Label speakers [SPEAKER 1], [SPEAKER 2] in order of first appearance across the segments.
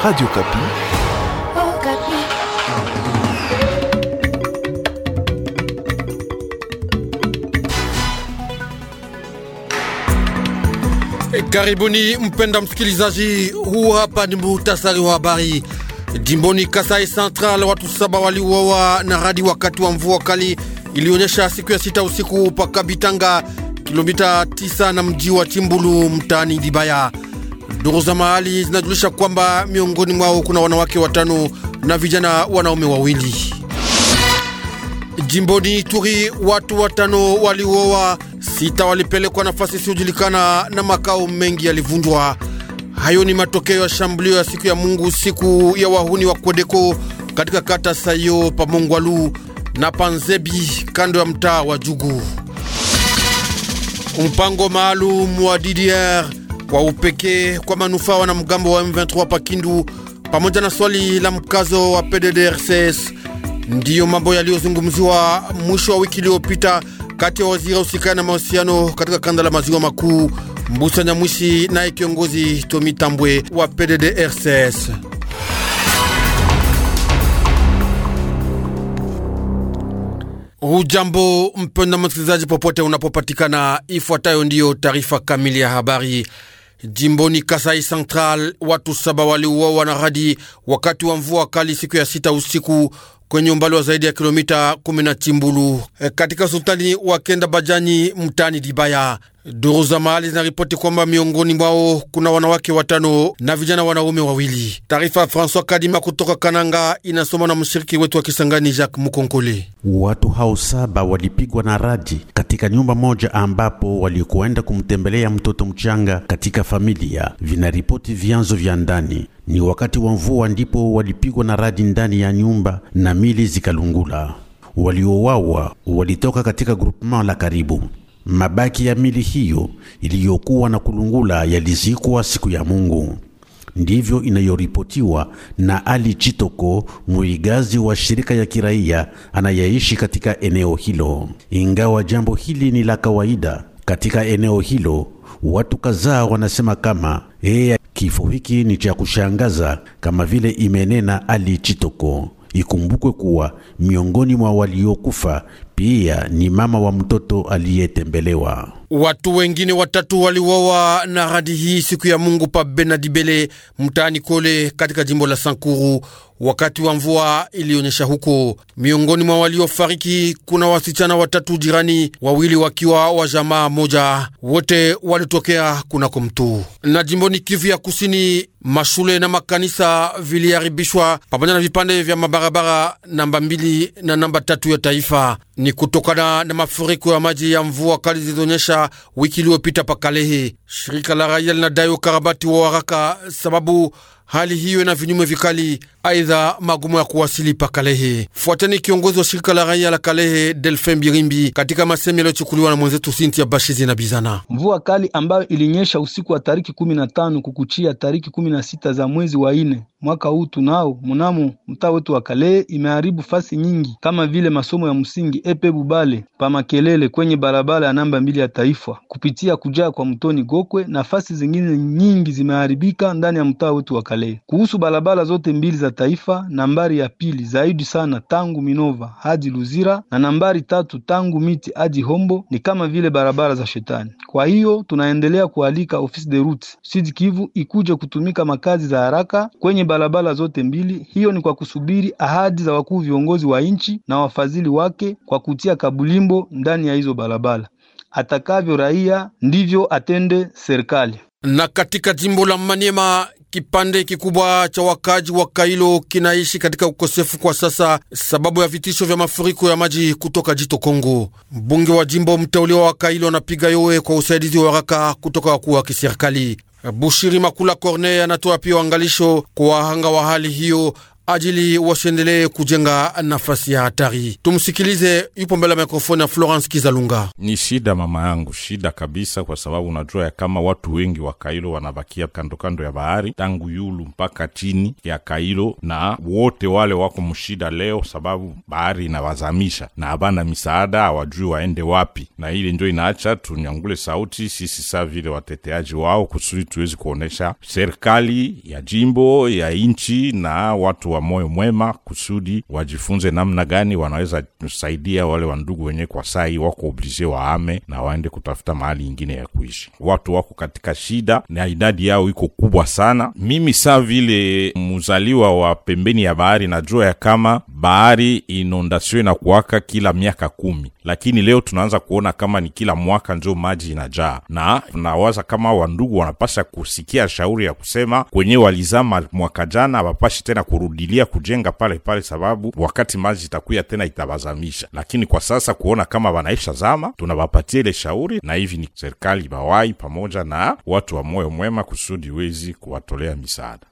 [SPEAKER 1] Radio Kapi. Oh, Kapi. E, karibuni mpenda msikilizaji, huu hapa ni muhtasari wa habari. Jimboni Kasai Central watu saba waliuawa na radi wakati wa mvua kali ilionyesha siku ya sita usiku pa Kabitanga, kilomita 9 na mji wa Chimbulu mtaani Dibaya. Duru za mahali zinajulisha kwamba miongoni mwao kuna wanawake watano na vijana wanaume wawili. Jimboni Ituri watu watano waliuawa, sita walipelekwa nafasi isiyojulikana na makao mengi yalivunjwa. Hayo ni matokeo ya shambulio ya siku ya Mungu, siku ya wahuni wa Kodeko katika kata Sayo Pamongwalu na Panzebi kando ya mtaa wa Jugu. Mpango maalum wa DDR kwa upekee kwa manufaa mgambo wa M23 Pakindu, pamoja na swali la mkazo wa PDDRCS. Ndiyo mambo yaliyozungumziwa mwisho wa wiki iliyopita kati ya waziri usikani na mahusiano katika kanda la maziwa makuu Mbusa Nyamwisi naye kiongozi Tomi Tambwe wa PDDRCS. ujambo mpenda msikilizaji, popote unapopatikana, ifuatayo ndiyo taarifa kamili ya habari. Jimboni Kasai Central watu saba waliuawa na radi wakati wa mvua kali siku ya sita usiku kwenye umbali wa zaidi ya kilomita kumi na Chimbulu e, katika sultani wa Kenda Bajani mtani Dibaya. Duru za mahali zinaripoti kwamba miongoni mwao kuna wanawake watano na vijana wanaume wawili. Taarifa François Kadima kutoka Kananga inasoma na mshiriki wetu wa Kisangani Jacques Mukonkole. Watu hao saba walipigwa na radi katika nyumba moja ambapo walikuenda kumtembelea mtoto mchanga katika familia, vinaripoti vyanzo vya ndani. Ni wakati wa mvua ndipo walipigwa na radi ndani ya nyumba na mili zikalungula. Waliowawa walitoka katika groupement la karibu. Mabaki ya mili hiyo iliyokuwa na kulungula yalizikwa siku ya Mungu. Ndivyo inayoripotiwa na Ali Chitoko, muigazi wa shirika ya kiraia anayeishi katika eneo hilo. Ingawa jambo hili ni la kawaida katika eneo hilo, watu kadhaa wanasema kama yeye Kifo hiki ni cha kushangaza kama vile imenena Ali Chitoko. Ikumbukwe kuwa miongoni mwa waliokufa pia ni mama wa mtoto aliyetembelewa. Watu wengine watatu waliwawa na radi hii siku ya Mungu pa Benadibele mtaani Kole katika jimbo la Sankuru wakati wa mvua ilionyesha huko. Miongoni mwa waliofariki kuna wasichana watatu jirani, wawili wakiwa wa jamaa moja, wote walitokea kunako mtu. Na jimboni Kivu ya Kusini, mashule na makanisa viliharibishwa pamoja na vipande vya mabarabara namba mbili na namba tatu ya taifa ni ni kutokana na mafuriko ya maji ya mvua kali zilizonyesha wiki iliyopita pakalehe. Shirika la raia linadai ukarabati wa haraka sababu hali hiyo na vinyume vikali, aidha magumu ya kuwasili pa Kalehe. Fuateni kiongozi wa shirika la raia la Kalehe, Delfin Birimbi, katika masemi yaliyochukuliwa na mwenzetu Sintia ya Bashizi na Bizana.
[SPEAKER 2] Mvua kali ambayo ilinyesha usiku wa tariki kumi na tano kukuchia tariki kumi na sita za mwezi wa ine mwaka huu tunao mnamo mtaa wetu wa Kalehe imeharibu fasi nyingi kama vile masomo ya msingi epe bubale pa Makelele kwenye barabara ya namba mbili ya taifa kupitia kujaa kwa mtoni Gokwe na fasi zingine nyingi zimeharibika ndani ya mtaa wetu wa Kalehe. Kale. Kuhusu barabara zote mbili za taifa, nambari ya pili zaidi sana tangu Minova hadi Luzira na nambari tatu tangu Miti hadi Hombo ni kama vile barabara za shetani. Kwa hiyo tunaendelea kualika ofisi de route Sud Kivu ikuje kutumika makazi za haraka kwenye barabara zote mbili. Hiyo ni kwa kusubiri ahadi za wakuu viongozi wa nchi na wafadhili wake kwa kutia kabulimbo ndani ya hizo barabara. Atakavyo raia ndivyo atende serikali. Na katika jimbo la Maniema
[SPEAKER 1] Kipande kikubwa cha wakaji wa Kailo kinaishi katika ukosefu kwa sasa, sababu ya vitisho vya mafuriko ya maji kutoka jito Kongo. Mbunge wa jimbo mteuliwa wa Kailo anapiga yowe kwa usaidizi wa haraka kutoka wakuu wa kiserikali. Bushiri Makula Corneille anatoa pia uangalisho kwa wahanga wa hali hiyo ajili washendelee kujenga nafasi ya hatari. Tumsikilize, yupo mbele ya mikrofoni ya Florence Kizalunga.
[SPEAKER 3] Ni shida mama yangu, shida kabisa, kwa sababu unajua ya kama watu wengi wa Kailo wanabakia kandokando ya bahari tangu Yulu mpaka chini ya Kailo, na wote wale wako mshida leo sababu bahari inawazamisha na habana misaada, hawajui waende wapi, na ile ndio inaacha tunyangule sauti sisi saa vile wateteaji wao kusudi tuwezi kuonesha serikali ya jimbo ya inchi na watu wa moyo mwema kusudi wajifunze namna gani wanaweza kusaidia wale wandugu wenye kwa sai wako oblige waame na waende kutafuta mahali ingine ya kuishi. Watu wako katika shida na idadi yao iko kubwa sana. Mimi saa vile muzaliwa wa pembeni ya bahari, na jua ya kama bahari inondasio inakuwaka kila miaka kumi lakini leo tunaanza kuona kama ni kila mwaka njo maji inajaa, na tunawaza kama wandugu wanapasha kusikia shauri ya kusema kwenye walizama mwaka jana wapashi tena kurudilia kujenga pale pale, sababu wakati maji itakuya tena itawazamisha. Lakini kwa sasa kuona kama wanaisha zama, tunawapatia ile shauri, na hivi ni serikali bawai pamoja na watu wa moyo mwema kusudi wezi kuwatolea
[SPEAKER 1] misaada.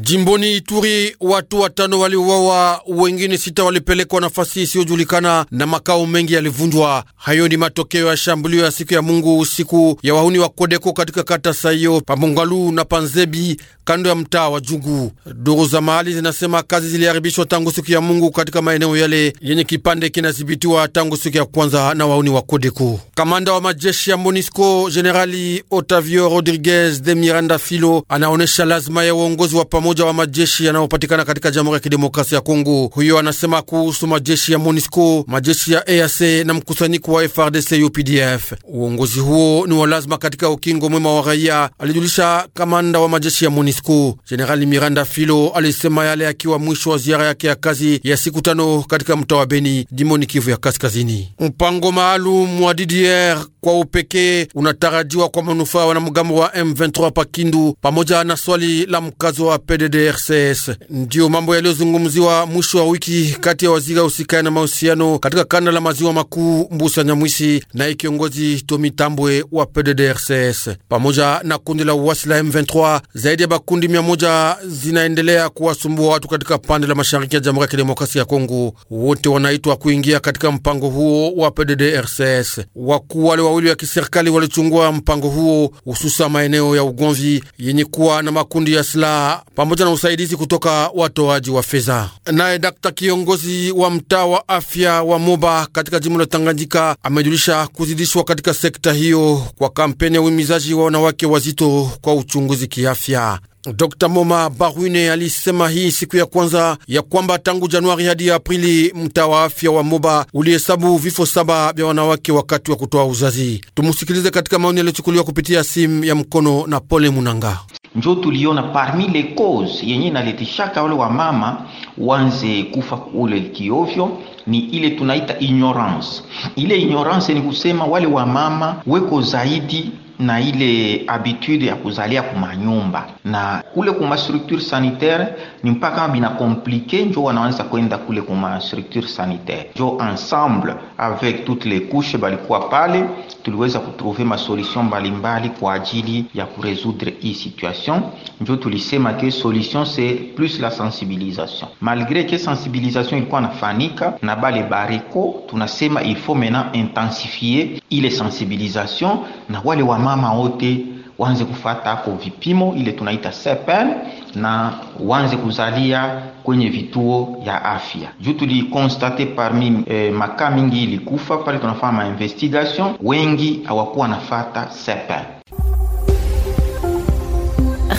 [SPEAKER 1] Jimboni Ituri watu watano waliuawa, wengine sita walipelekwa nafasi isiyojulikana na makao mengi yalivunjwa. Hayo ni matokeo ya shambulio ya siku ya Mungu usiku ya wahuni wa Kodeko katika kata Saiyo, Pambongalu na Panzebi, kando ya mtaa wa Jugu. Duru za mahali zinasema kazi ziliharibishwa tangu siku ya Mungu katika maeneo yale yenye kipande kinadhibitiwa tangu siku ya kwanza na wahuni wa Kodeko. Kamanda wa majeshi ya MONISCO Generali Otavio Rodriguez de Miranda Filo anaonesha lazima ya uongozi wa pamoja mmoja wa majeshi yanayopatikana katika Jamhuri ya Kidemokrasia ya Kongo. Huyo anasema kuhusu majeshi ya MONUSCO, majeshi ya EAC na mkusanyiko wa FRDC UPDF, uongozi huo ni wa lazima katika ukingo mwema wa raia, alijulisha kamanda wa majeshi ya MONUSCO Jenerali Miranda Filo. Alisema yale akiwa mwisho wa ziara yake ya kazi ya siku tano katika mtaa wa Beni, jimoni Kivu ya Kaskazini. Mpango maalum wa DDR kwa upekee unatarajiwa kwa manufaa wanamgambo wa M23 Pakindu pamoja na swali la mkazo wa PDDRCS. Ndiyo mambo yaliyozungumziwa mwisho wa wiki kati ya waziri usikani na mahusiano katika kanda la maziwa makuu Mbusa Nyamwisi na kiongozi Tomi Tambwe wa PDDRCS pamoja na kundi la uasi la M23. Zaidi ya bakundi mia moja zinaendelea kuwasumbua watu katika pande la mashariki ya Jamhuri ya Kidemokrasia ya Kongo. Wote wanaitwa kuingia katika mpango huo wa PDDRCS. Wakuu wale wawili wa kiserikali walichungua mpango huo, hususa maeneo ya ugomvi yenye kuwa na makundi ya silaha pamoja na usaidizi kutoka watoaji wa fedha. Naye dakta kiongozi wa mtaa wa afya wa Moba katika jimbo la Tanganyika amejulisha kuzidishwa katika sekta hiyo kwa kampeni ya uhimizaji wa wanawake wazito kwa uchunguzi kiafya. Dr Moma Barwine alisema hii siku ya kwanza ya kwamba tangu Januari hadi Aprili mtaa wa afya wa Moba ulihesabu vifo saba vya wanawake wakati wa kutoa uzazi. Tumusikilize katika maoni yaliyochukuliwa kupitia simu ya mkono na Pole Munanga
[SPEAKER 4] njo tuliona parmi les causes yenye inaleteshaka wale wa mama wanze kufa kule kiovyo ni ile tunaita ignorance. Ile ignorance ni kusema wale wa mama weko zaidi na ile habitude ya kuzalia kumanyumba na kule kuma structure sanitaire, ni mpaka bina komplike njo wanaanza kwenda kule kuma structure sanitaire. Njo ensemble avec toutes les couches balikuwa pale, tuliweza kutrouve masolution mbalimbali kwa ajili ya kuresoudre hii situation. Njo tulisema ke solution c'est plus la sensibilisation, malgré ke sensibilisation ilikuwa nafanika na bale bariko tunasema il faut maintenant intensifier ile sensibilisation na wale wa mama wote waanze kufata ko vipimo ile tunaita sepel na waanze kuzalia kwenye vituo ya afya juu tulikonstate parmi eh, makaa mingi ilikufa pale, tunafanya mainvestigation, wengi hawakuwa nafata sepel.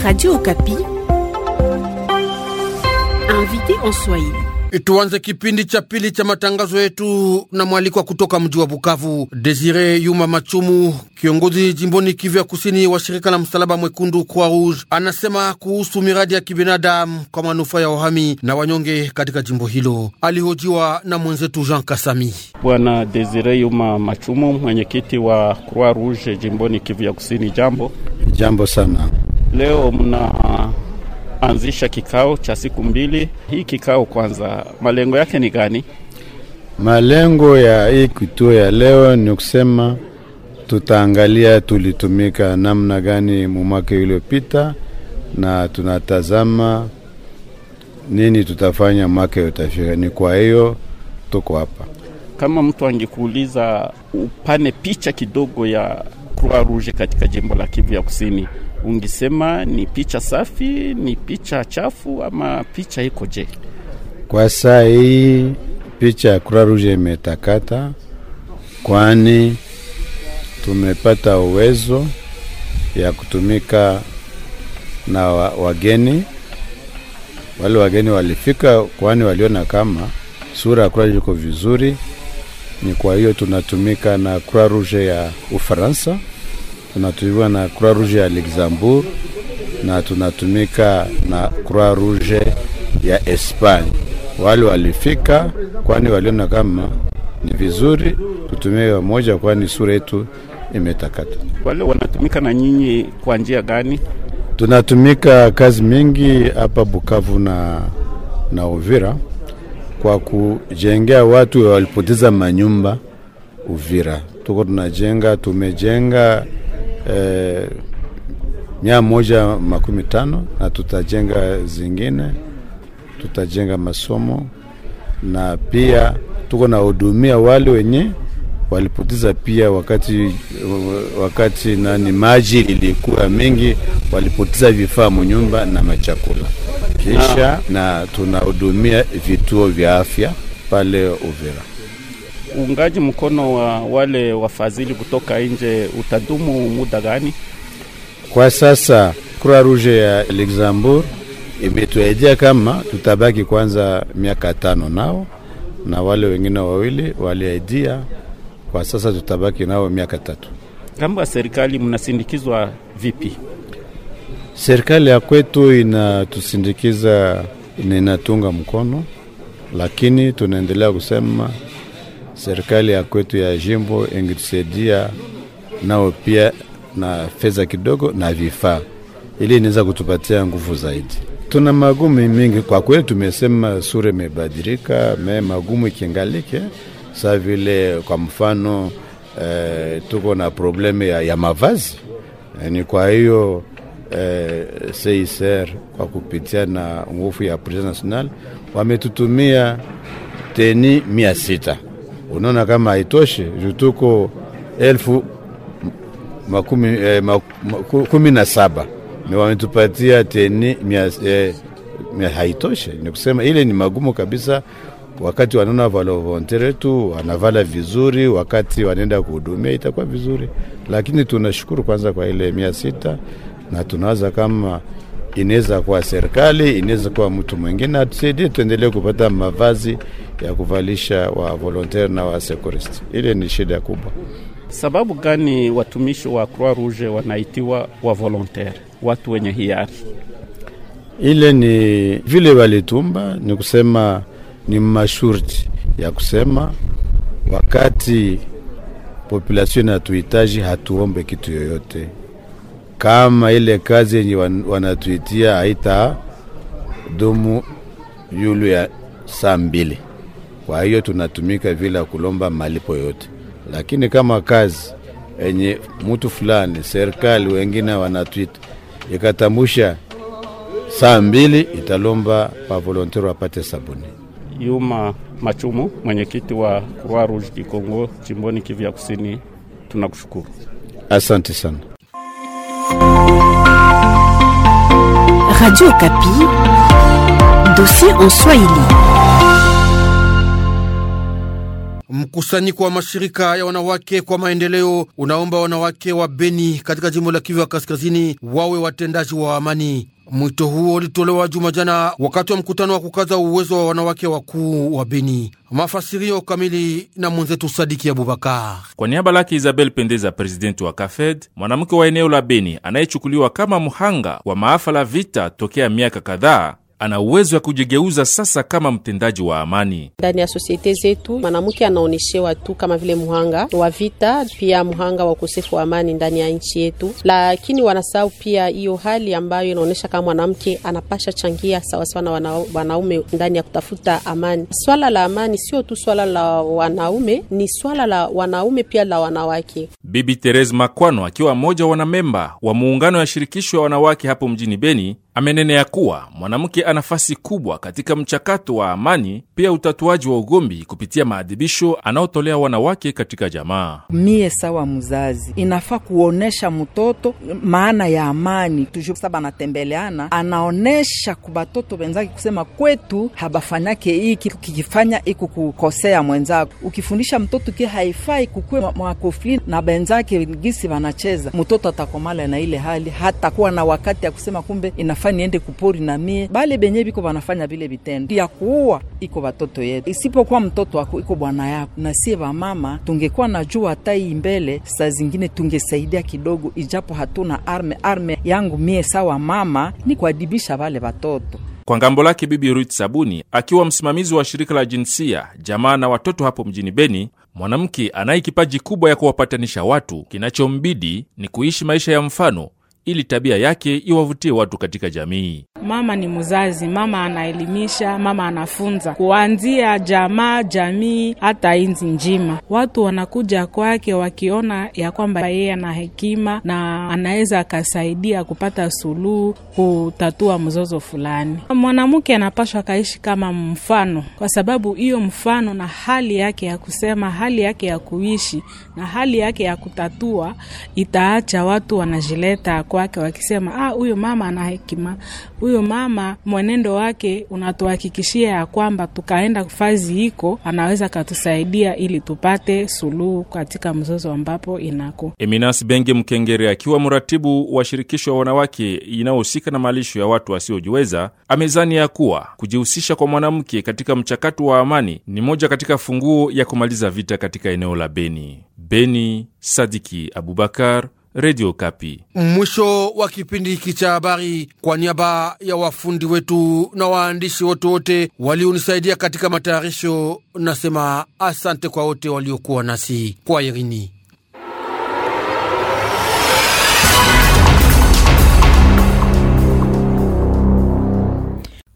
[SPEAKER 4] Radio Okapi
[SPEAKER 1] invité en Swahili Eh, tuanze kipindi cha pili cha matangazo yetu na mwalikwa kutoka mji wa Bukavu, Desire Yuma Machumu, kiongozi jimboni Kivu ya kusini wa shirika la Msalaba Mwekundu kwa Rouge, anasema kuhusu miradi ya kibinadamu kwa manufaa ya wahami na wanyonge katika jimbo hilo. Alihojiwa na mwenzetu Jean Kasami.
[SPEAKER 5] Bwana Desire Yuma Machumu, mwenyekiti wa Croix Rouge jimboni Kivu ya kusini, jambo.
[SPEAKER 6] Jambo sana.
[SPEAKER 5] Leo mna anzisha kikao cha siku mbili. Hii kikao kwanza, malengo yake ni gani?
[SPEAKER 6] Malengo ya hii kituo ya leo ni kusema tutaangalia tulitumika namna gani mwaka uliopita na tunatazama nini tutafanya mwaka utafika. Ni kwa hiyo tuko hapa.
[SPEAKER 5] Kama mtu angekuuliza upane picha kidogo ya Croix Rouge katika jimbo la Kivu ya Kusini, ungisema ni picha safi, ni picha chafu, ama picha ikoje?
[SPEAKER 6] Kwa saa hii picha ya Croix Rouge imetakata, kwani tumepata uwezo ya kutumika na wa, wageni wale wageni walifika, kwani waliona kama sura ya Croix iko vizuri. Ni kwa hiyo tunatumika na Croix Rouge ya Ufaransa tunatumiwa na Croix Rouge ya Luxembourg na tunatumika na Croix Rouge ya espagne Wale walifika, kwani waliona kama ni vizuri tutumie pamoja, kwani sura yetu imetakata.
[SPEAKER 5] Wale wanatumika na nyinyi kwa njia gani?
[SPEAKER 6] Tunatumika kazi mingi hapa Bukavu na, na Uvira kwa kujengea watu walipoteza manyumba Uvira, tuko tunajenga, tumejenga eh, mia moja makumi tano na tutajenga zingine, tutajenga masomo na pia tuko na hudumia wale wenye walipoteza pia wakati, wakati nani maji ilikuwa mingi, walipoteza vifaa munyumba na machakula kisha, na tunahudumia vituo vya afya pale Uvira
[SPEAKER 5] uungaji mkono wa wale wafadhili kutoka nje utadumu muda
[SPEAKER 6] gani? Kwa sasa Croix Rouge ya Luxembourg imetuaidia kama tutabaki kwanza miaka tano nao na wale wengine wawili waliaidia, kwa sasa tutabaki nao miaka tatu.
[SPEAKER 5] Ngambo ya serikali, mnasindikizwa
[SPEAKER 6] vipi? Serikali ya kwetu inatusindikiza, inatunga mkono, lakini tunaendelea kusema serikali ya kwetu ya jimbo ingetusaidia nao pia na fedha kidogo na vifaa, ili inaweza kutupatia nguvu zaidi. Tuna magumu mingi kwa kweli, tumesema sura imebadilika, me magumu ikiangalike saa vile, kwa mfano eh, tuko na problemu ya, ya mavazi eh, ni kwa hiyo eh, kwa kupitia na nguvu ya Police National wametutumia teni mia sita unaona kama haitoshe jutuko elfu makumi, eh, makumi na saba ni wametupatia teni mia, eh, mia haitoshe. Ni kusema ile ni magumu kabisa wakati wanaona valovontere tu wanavala vizuri, wakati wanaenda kuhudumia itakuwa vizuri, lakini tunashukuru kwanza kwa ile mia sita na tunawaza kama inaweza kuwa serikali, inaweza kuwa mtu mwingine atusaidie, tuendelee kupata mavazi ya kuvalisha wa volontaire na wa sekurist. Ile ni shida kubwa.
[SPEAKER 5] Sababu gani watumishi wa Croix Rouge wanaitiwa wa volontaire, watu wenye hiari?
[SPEAKER 6] Ile ni vile walitumba, ni kusema ni mashurti ya kusema wakati population inatuhitaji, hatuombe kitu yoyote. Kama ile kazi yenye wanatuitia haita dumu yulu ya saa mbili kwa hiyo tunatumika vile kulomba malipo yote, lakini kama kazi enye mtu fulani serikali wengine wanatwita ikatambusha saa mbili italomba pavolontere wapate sabuni. Yuma Machumu, mwenyekiti wa Croix
[SPEAKER 5] Rouge Kikongo chimboni Kivu ya Kusini, tunakushukuru,
[SPEAKER 6] asante sana.
[SPEAKER 4] Radio Kapi, dossier en Swahili.
[SPEAKER 1] Mkusanyiko wa mashirika ya wanawake kwa maendeleo unaomba wanawake wa Beni katika jimbo la Kivu ya kaskazini wawe watendaji wa amani. Mwito huo ulitolewa juma jana wakati wa mkutano wa kukaza uwezo wa wanawake wakuu wa Beni. Mafasirio kamili na mwenzetu Sadiki Abubakar.
[SPEAKER 7] Kwa niaba lake Isabel Pendeza, presidenti wa KAFED, mwanamke wa eneo la Beni anayechukuliwa kama mhanga wa maafa la vita tokea miaka kadhaa ana uwezo wa kujigeuza sasa kama mtendaji wa amani
[SPEAKER 2] ndani ya sosiete zetu. Mwanamke anaoneshewa tu kama vile muhanga wa vita, pia muhanga wa ukosefu wa amani ndani ya nchi yetu, lakini wanasahau pia hiyo hali ambayo inaonyesha kama mwanamke anapasha changia sawasawa na wana, wanaume ndani ya kutafuta amani. Swala la amani sio tu swala la wanaume, ni swala la wanaume pia la wanawake.
[SPEAKER 7] Bibi Therese Makwano akiwa mmoja wa wanamemba wa muungano ya shirikisho ya wanawake hapo mjini Beni Amenenea kuwa mwanamke ana nafasi kubwa katika mchakato wa amani, pia utatuaji wa ugombi kupitia maadhibisho anaotolea wanawake katika jamaa.
[SPEAKER 2] Mie sawa mzazi, inafaa kuonesha mtoto maana ya amani tuju saba anatembeleana, anaonesha kubatoto wenzake kusema kwetu habafanyake iki, kikifanya iku kukosea mwenzako. Ukifundisha mtoto ki haifai kukwe mwakofli na benzake gisi wanacheza, mtoto atakomala na ile hali, hatakuwa na wakati ya kusema kumbe inafaa nafaa niende kupori na mie. Bale benye biko banafanya bile bitendo ya kuua iko batoto yetu, isipokuwa mtoto wako iko bwana yako. Na sie bamama tungekuwa na juu hata hii mbele, saa zingine tungesaidia kidogo, ijapo hatuna arme. Arme yangu mie sawa mama ni kuadibisha vale batoto.
[SPEAKER 7] Kwa ngambo lake Bibi Ruth Sabuni akiwa msimamizi wa shirika la jinsia jamaa na watoto hapo mjini Beni, mwanamke anaye kipaji kubwa ya kuwapatanisha watu, kinachombidi ni kuishi maisha ya mfano ili tabia yake iwavutie watu katika jamii. Mama ni mzazi, mama anaelimisha, mama anafunza kuanzia jamaa, jamii, hata inzi njima. Watu wanakuja kwake wakiona ya kwamba yeye ana hekima na anaweza akasaidia kupata suluhu, kutatua mzozo fulani. Mwanamke anapashwa akaishi kama mfano, kwa sababu hiyo mfano na hali yake ya kusema, hali yake ya kuishi na hali yake ya kutatua itaacha watu wanajileta kwake wakisema ah, huyo mama ana hekima, huyo mama mwenendo wake unatuhakikishia ya kwamba tukaenda fazi hiko anaweza katusaidia ili tupate suluhu katika mzozo ambapo inako. Eminas Benge Mkengere akiwa mratibu wa shirikisho wa wanawake inayohusika na malisho ya watu wasiojiweza amezani ya kuwa kujihusisha kwa mwanamke katika mchakato wa amani ni moja katika funguo ya kumaliza vita katika eneo la Beni. Beni, Sadiki Abubakar, Radio Kapi.
[SPEAKER 1] Mwisho wa kipindi hiki cha habari, kwa niaba ya wafundi wetu na waandishi wote wote walionisaidia katika matayarisho, nasema asante kwa wote waliokuwa nasi kwa Irini.